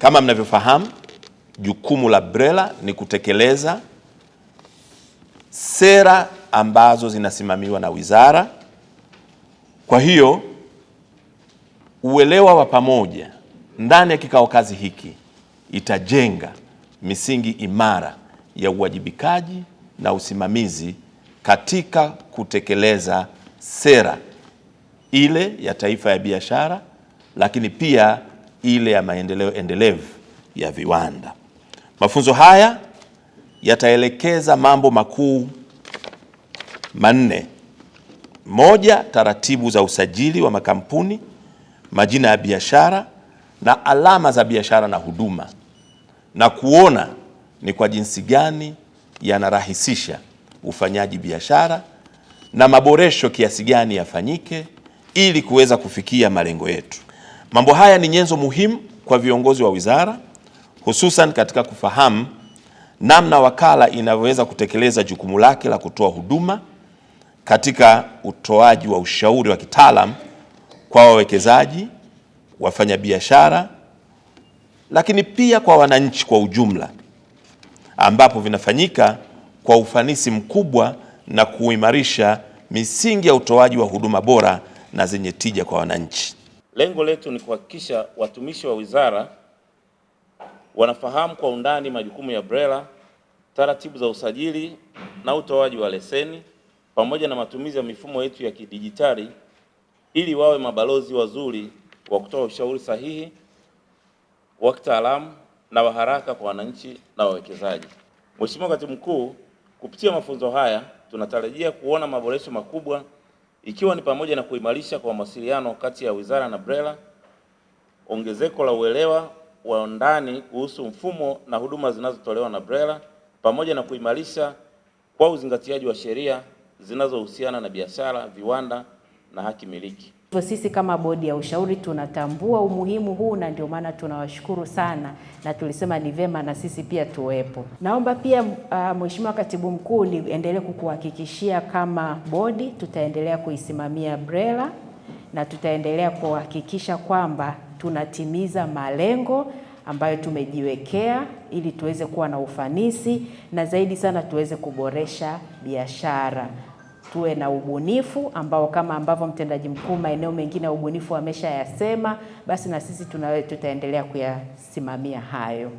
Kama mnavyofahamu, jukumu la BRELA ni kutekeleza sera ambazo zinasimamiwa na wizara. Kwa hiyo uelewa wa pamoja ndani ya kikao kazi hiki itajenga misingi imara ya uwajibikaji na usimamizi katika kutekeleza sera ile ya taifa ya biashara, lakini pia ile ya maendeleo endelevu ya viwanda. Mafunzo haya yataelekeza mambo makuu manne. Moja, taratibu za usajili wa makampuni, majina ya biashara na alama za biashara na huduma, na kuona ni kwa jinsi gani yanarahisisha ufanyaji biashara na maboresho kiasi gani yafanyike ili kuweza kufikia malengo yetu. Mambo haya ni nyenzo muhimu kwa viongozi wa wizara, hususan katika kufahamu namna wakala inavyoweza kutekeleza jukumu lake la kutoa huduma katika utoaji wa ushauri wa kitaalam kwa wawekezaji, wafanyabiashara, lakini pia kwa wananchi kwa ujumla, ambapo vinafanyika kwa ufanisi mkubwa na kuimarisha misingi ya utoaji wa huduma bora na zenye tija kwa wananchi. Lengo letu ni kuhakikisha watumishi wa wizara wanafahamu kwa undani majukumu ya BRELA, taratibu za usajili na utoaji wa leseni, pamoja na matumizi ya mifumo yetu ya kidijitali ili wawe mabalozi wazuri wa kutoa ushauri sahihi wa kitaalamu na wa haraka kwa wananchi na wawekezaji. Mheshimiwa Katibu Mkuu, kupitia mafunzo haya tunatarajia kuona maboresho makubwa ikiwa ni pamoja na kuimarisha kwa mawasiliano kati ya wizara na BRELA, ongezeko la uelewa wa ndani kuhusu mfumo na huduma zinazotolewa na BRELA, pamoja na kuimarisha kwa uzingatiaji wa sheria zinazohusiana na biashara, viwanda na haki miliki. Hivyo sisi kama bodi ya ushauri tunatambua umuhimu huu na ndio maana tunawashukuru sana na tulisema ni vema na sisi pia tuwepo. Naomba pia uh, Mheshimiwa Katibu Mkuu niendelee kukuhakikishia kama bodi tutaendelea kuisimamia BRELA na tutaendelea kuhakikisha kwamba tunatimiza malengo ambayo tumejiwekea ili tuweze kuwa na ufanisi na zaidi sana tuweze kuboresha biashara tuwe na ubunifu ambao kama ambavyo mtendaji mkuu maeneo mengine ya ubunifu ameshayasema, basi na sisi tuna tutaendelea kuyasimamia hayo.